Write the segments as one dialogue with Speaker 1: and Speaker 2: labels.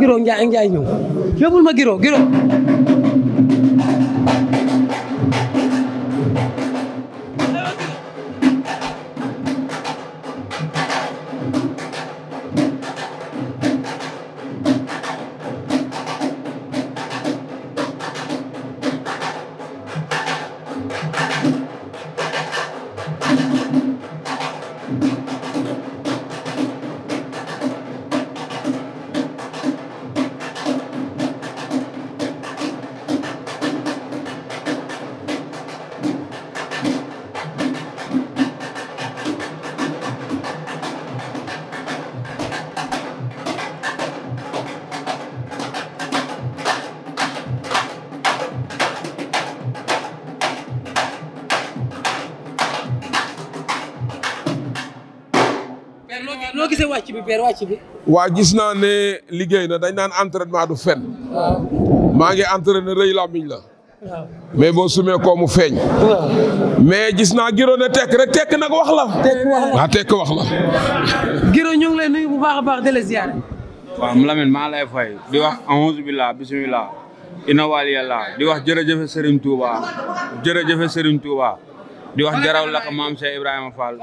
Speaker 1: giroo njaay njaay ñëw yóbbul ma giroo giroo noo gisee wàcc bi
Speaker 2: gis naa ne liggéey na dañ naan entraînement du fen maa ngi entraîné rëy làmmiñ la. mais boo sumee koo mu feeñ. mais gis naa giro ne tekk rek nag wax la. tekk la tekk wax la.
Speaker 1: giro ñu lay nuyu bu baax a baax di la ziar.
Speaker 2: waaw Lamine maa lay fay di wax auzu billah bismillah inna waliya la di wax jërëjëf Serigne Touba jërëjëf Serigne Touba. di wax jaraw la ko maam Cheikh Ibrahima Fall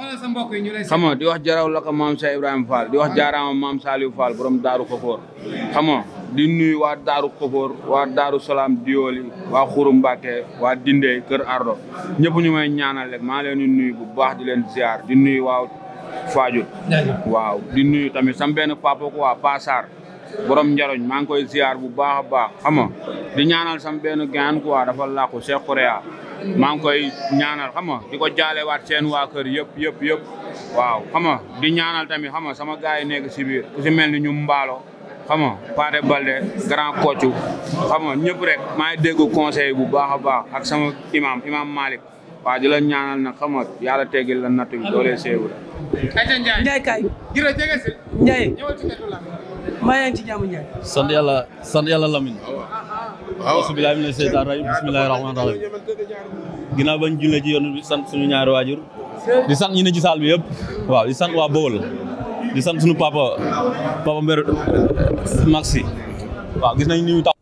Speaker 2: xam nga di wax jaraw la ko maam Cheikh Ibrahima Fall di wax jaaraama maam Saliou faal borom Daaru Kofoor xam nga di nuyu waa Daaru Kofoor waa Daaru Salaam Diyooli waa Xuru Mbàkke waa Dindey Kër arro ñëpp ñu may ñaanal rek maa leen di nuyu bu baax di leen ziar di nuyu waaw Faajul waaw di nuyu tamit sam benn papa ko waa Pasar borom njaroñ maa ngi koy ziar bu baax a baax xam di ñaanal sam benn gaan quoi dafa làqu Cheikh Korea maa ngi koy ñaanal xam di ko jaalewaat seen waa kër yëpp yëpp yëpp waaw xam nga di ñaanal tamit xam nga sama gars yi nekk si biir ku si mel ni ñu mbaalo xam nga Paate Balde grand koccu xam nga ñëpp rek maa ngi dégg conseil bu baax a baax ak sama imam imam Malick waaw di la ñaanal nag xam nga yàlla teggil la natt bi doolee seewu la. Aïcha Ndiaye Ndiaye ci kër la.
Speaker 1: maa ngi ci waaw bisimilah mina rahmaan rahim ginnaaw bañ julle ci yoon bi sant suñu ñaari waajur di sant ñi ne ci saal bi yëpp waaw di sant waa Bawol di sant suñu papa papa Mbér Maxi waaw gis nañ ni ñu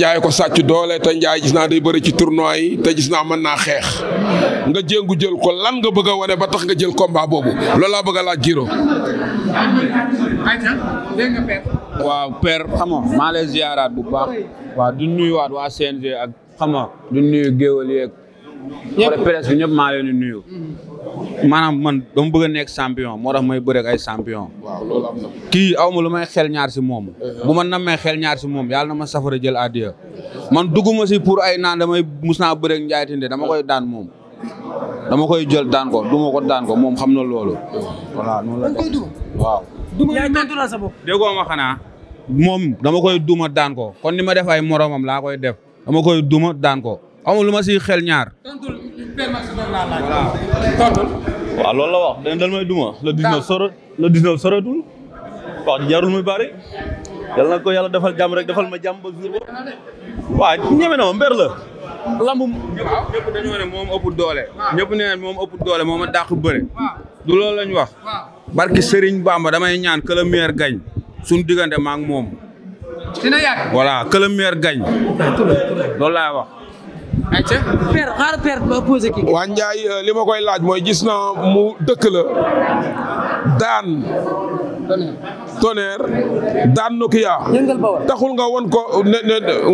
Speaker 2: jaay ko sàcc doole te njaay gis naa day bëri ci tournoi yi te gis naa mën naa xeex nga jéngu jël ko lan nga bëgg a wane ba tax nga jël combat boobu loolu laa bëgg a laaj Giro. waaw père xam nga maa lay bu baax. waaw du nuyuwaat waa CNG ak xam nga du nuyu géwël yeeg. ñëpp presse bi ñëpp maa leen nuyu. maanaam man dama bëgg a nekk champion moo tax may bëreeg ay champion. waaw loolu kii aw ma lu may xel ñaar si moom. Uh-huh. bu ma nammee xel ñaar si moom yàlla na ma safara jël adiya. man dugguma si pour ay naan damay may naa bëreeg Ndiaye Tinde dama koy daan moom. dama koy jël daan ko duma ko daan ko moom xam na loolu. voilà noonu la waaw. yaa ngi ma moom dama koy duma daan ko kon ni ma def ay moromam laa koy def dama koy duma daan ko aw ma lu ma si xel ñaar. waaw loolu la
Speaker 1: wax dañ dal may duma le 19 sore le 19 soreetul wax jarul muy bari yàlla na ko yàlla defal jàmm rek defal ma jàmm ba jour ba waaw na ma mbër la
Speaker 2: lamb moom ëpp doole ñëpp ne moom ëpp doole moom a dàq bëre du loolu lañ wax barki sëriñ Bamba damay ñaan que gañ meilleur gagne suñu diggante ma moom dina yàgg voilà que wax ayca père xaaral waa Ndiaye euh, li ma koy laaj mooy gis na mu dëkk daan tonnerre daan Nokia taxul nga won ko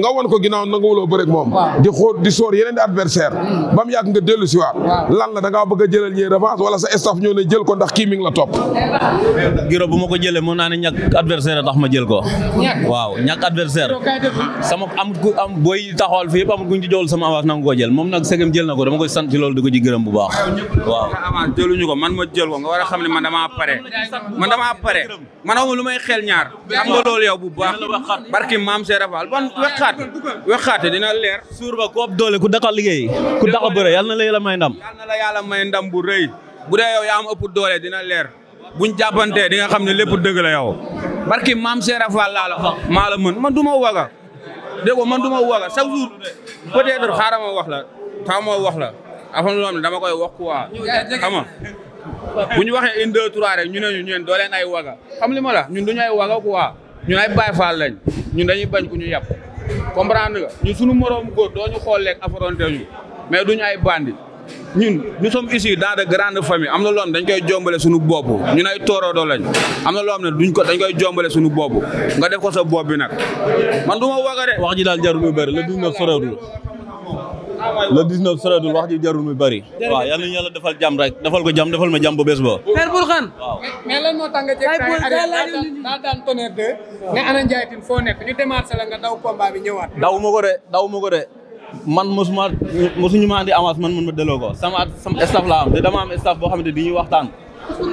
Speaker 2: nga won ko ginnaaw nanga wuloo bëre ak moom di xóot di soor yeneen di adversaire hmm. ba mu yàgg nga dellu si waat lan la da ngaa bëgg a jëlal ñee revanche wala sa staff ñoo na jël ko ndax kii mi ngi
Speaker 1: la topp giro bu ma ko jëlee mën naa ne ñàkk adversaire a tax ma jël ko waaw ñàkk adversaire sama am ku am booy taxawal fii yëpp amul kuñ ci sama avance nanga jël moom nag segem jël na ko dama koy sant loolu di ko ci gërëm bu baax waaw man ma
Speaker 2: jël ko nga war a xam ne man dama pare man damaa pare man amu lu may xel ñaar xam nga loolu yow bu baax barki maam Seera Faal bon wexaat wexaate dina leer suur ba ku
Speaker 1: doole ku daqal liggéey ku daqal bëre yal na la yàlla may ndam yal na
Speaker 2: la yàlla may ndam bu rëy bu dee yow yaa ëpp doole dina leer buñ jàppantee di nga xam ne lépp dëgg la yow barki maam Seera Faal laa la wax maa man du ma waga dégg man du ma waga chaque jour peut-être xaaral ma wax la xaaral ma wax la afam loolu dama koy wax quoi xam bu ñu waxee une deux trois ñu ne ñu ñeen doo leen ay waga xam li ma la ñun duñu ay waga quoi ñun ay Baay Faal lañ ñun dañuy bañ ku ñu yàpp comprendre nga ñun suñu moroom góor doo ñu xool lekk affronté ñu mais duñu ay bandi ñun nous sommes ici dans de am na loo xam dañ koy jombale suñu bopp ñun ay do lañ am na loo xam ne duñ ko dañ koy jombale suñu bopp nga def ko sa bopp bi nag man du ma waga de. wax ji daal jarul lu bëri la duñ na sorewul
Speaker 1: le 19 soreetul wax ji jarul mi bëri. waaw yal defal jàmm rek defal ko jam defal ma jam ba bés ba.
Speaker 2: Père Bour Khan. waaw mais lan moo tax nga jékki daa daw combat ma ko de
Speaker 1: ma ko de man mosuma mosuñu ma andi avance man man ma delloo ko sama sama staff laa am te dama am staff boo xamante ni ñuy waxtaan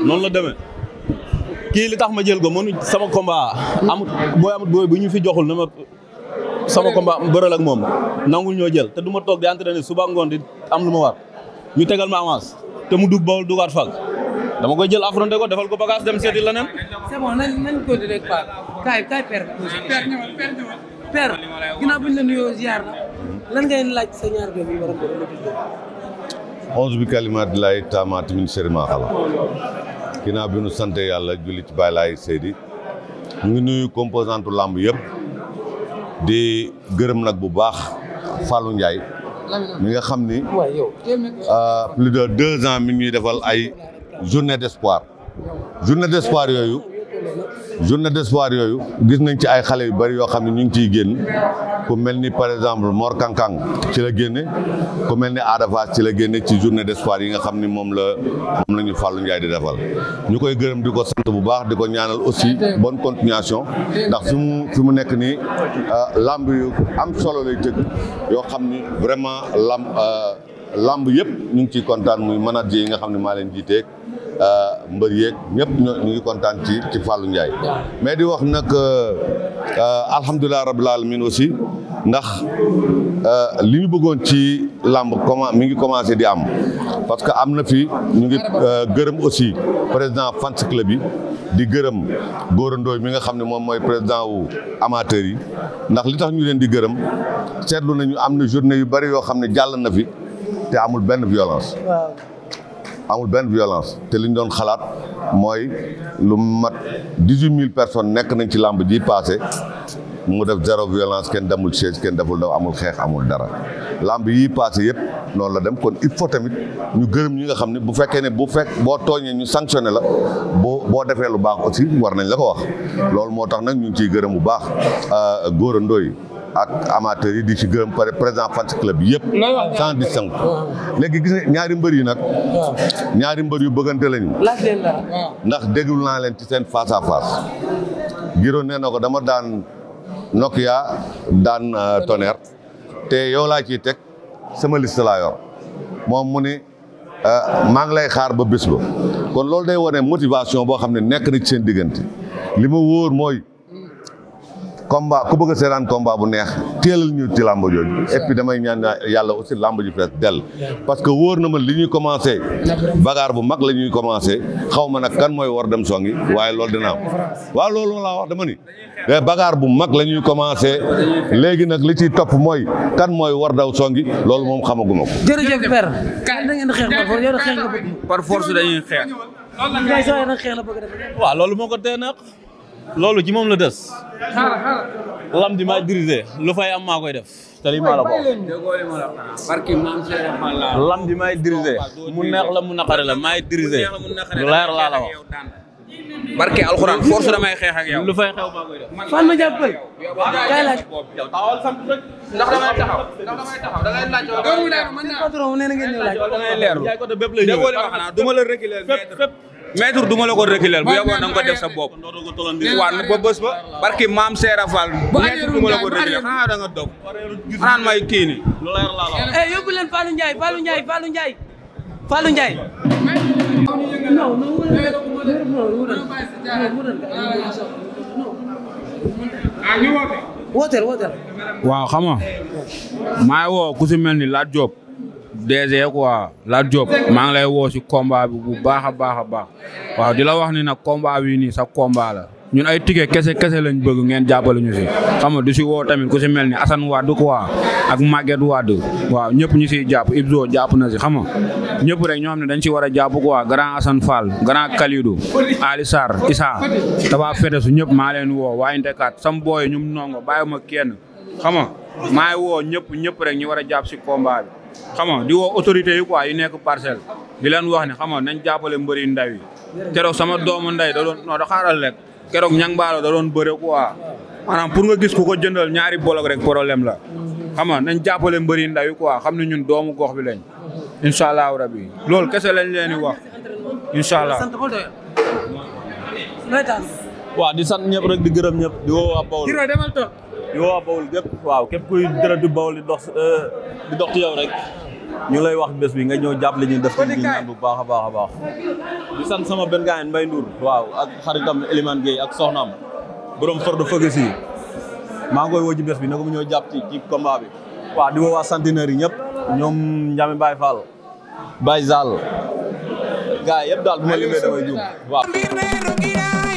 Speaker 1: noonu la demee. kii li tax ma jël ko mënu sama combat amut booy amut booy bu ñu fi joxul na ma sama combat bëral ak moom nangul ñoo jël te du ma toog di entraîné suba ngoon di am lu ma war ñu tegal ma avance te mu dugg bawul dugaat fag dama koy jël affronté ko defal ko bagage dem seeti leneen. c'est bon nañ nañ ko di rek Paa kaay kaay père. père ñëwal père ñëwal. père ginnaaw bi ñu la nuyoo ziar na hmm. lan ngay laaj sa ñaar doom yi war a
Speaker 3: ko onze bi kalimaat laay taamaat min sharri maa xalaq ginnaaw bi ñu sant yàlla julli ci Baay Laay Seydi ñu ngi nuyu composante lamb yëpp. di gërëm nag bu baax Fallou Ndiaye mi nga xam ni euh, plus de deux ans mi ngi defal ay journée d' espoir journée d' yooyu journée d'espoir yooyu gis nañ ci ay xale yu bari yoo xam ne ñu ngi ciy génn ku mel ni par exemple Mor Kankang ci la génne ku mel ni Ada Fass ci la génne ci journée d'espoir yi nga xam ni moom la moom la ñu Fallou di defal ñu koy gërëm di ko sant bu baax di ko ñaanal aussi bonne continuation ndax fi mu fi mu nekk nii euh, làmb yu am solo lay tëgg yoo xam ni vraiment lamb euh, lamb yëpp ñu ngi ciy kontaan muy manager yi nga xam ne maa leen jiiteeg Euh, mbër yeeg ñëpp ñu ngi kontaan ci ci Fallou Ndiaye mais di wax nag euh, euh, alhamdulilah rabbil alamin aussi ndax li ñu bëggoon ci làmb comment mi ngi commencé di am parce que am na fi ñu ngi gërëm aussi président fans club yi di gërëm Gora Ndoye mi nga xam ne moom mooy président wu amateur yi ndax li tax ñu leen di gërëm seetlu nañu am na journée yu bari yoo xam ne jàll na fi te amul benn violence amul benn violence te li ñu doon xalaat mooy lu mat dix-huit mille personne nekk nañ ci làmb ji passé mu def zéro violence kenn demul siège kenn deful daw amul xeex amul dara làmb yii passé yëpp noonu la dem kon il faut tamit ñu gërëm ñi nga xam ne bu fekkee ne bu fekk boo tooñee ñu sanctionné la boo boo defee lu baax aussi war nañ la ko wax loolu moo tax nag ñu ciy gërëm bu baax euh, góorandoo yi ak amateurs yi di ci gërëm pare président fans club yëpp sans distinction léegi gis nga ñaari mbër yi nag ñaari mbër yu bëggante lañu ndax déglu naa leen ci seen face à giroon Giro nee na ko dama daan Nokia daan euh, Tonnerre te yow laa ciy teg sama liste laa moom mu ni euh, maa ngi lay xaar ba bés kon loolu day wane motivation boo xam ne nekk nañ ci seen diggante li ma wóor mooy combat ku bëgg a seetaan combat bu neex teelal ñu ci làmb jooju damay ñaan yàlla aussi làmb ji fees dell parce que wóor na ma li ñuy commencé bagaar bu mag la ñuy commencé xaw ma nag kan mooy war dem songi waaye loolu dina am waaw loolu laa wax dama ni bagaar bu mag la ñuy commencé léegi nag li ci topp mooy kan mooy war daw songi loolu moom xamaguma ko.
Speaker 2: jërëjëf père.
Speaker 1: kan loolu ji moom la des. xaaral xaaral. lam di maa dirigé lu fay am maa koy def. te la ko. lam di maay dirigé mu la mu naqare la maay lu
Speaker 2: leer la wax. barke alxuraan force damay xeex ak yow. lu fay xew maa ma jàppal. kay laaj. ndax damay taxaw ndax la reculer. maître du ma ko reculer bu yeboon na nga ko def sa bopp. waaw ba bés ba. barki maam Seera Fall. maître du ko reculer xanaa da nga dog. xanaan may kii ni.
Speaker 1: Eh, yóbbu leen Fallou Ndiaye Fallou Ndiaye Fallou Ndiaye. Fallou Ndiaye.
Speaker 2: Ah, waaw woo ku ni Lat Diop DG quoi Lat Diop maa ngi lay woo si combat bu baax a baax a baax waaw di la wax ni nag combat yi nii sa combat la ñun ay ticket kese kese lañ bëgg ngeen jàppale ñu si xam nga du si woo tamit ku si mel ni Assane Wade quoi ak Maguette Wade waaw ñëpp ñu siy jàpp Ibzo jàpp na si xam nga ñëpp rek ñoo xam ne dañ si war a jàpp quoi grand Assane Fall grand Kalidou Ali Sarr Issa Taba su ñëpp maa leen woo waa Intekat sam booy ñum nongo bàyyi ma kenn xam nga maa woo ñëpp ñëpp rek ñu war a jàpp si combat xam nga di woo autorités yi quoi yu nekk parcelle di leen wax ne xam nga nañ jàppale mbëri ndaw yi sama doomu nday da doon non da xaaral rek keroog ñang baalo da doon bëre quoi maanaam pour nga gis ku ko jëndal ñaari bolog rek problème la xam nga nañ jàppale mbëri ndaw yi quoi xam ne ñun doomu gox bi lañ incha allahu rabi loolu kese lañ leen di wax incha allah. waaw di sant ñëpp rek di gërëm ñëpp di woo waa
Speaker 1: Bawol di woo Bawol gépp waaw képp kuy dërëtu Bawol di dox euh, di dox ci yow rek ñu lay wax bés bi nga ñëw jàppale ñu def ci ñaan bu baax a baax a baax di sant sama benn gaayen Mbay Ndour waaw ak xaritam Elimane Gueye ak soxnaam boroom for de focus maa ngi koy woo ci bés bi na ko mu ñëw jàpp ci ci combat bi waaw di woo waa centenaire yi ñëpp ñoom Ndiame bay Fall Baye Zall gars yëpp daal bu ma limee damay juum waaw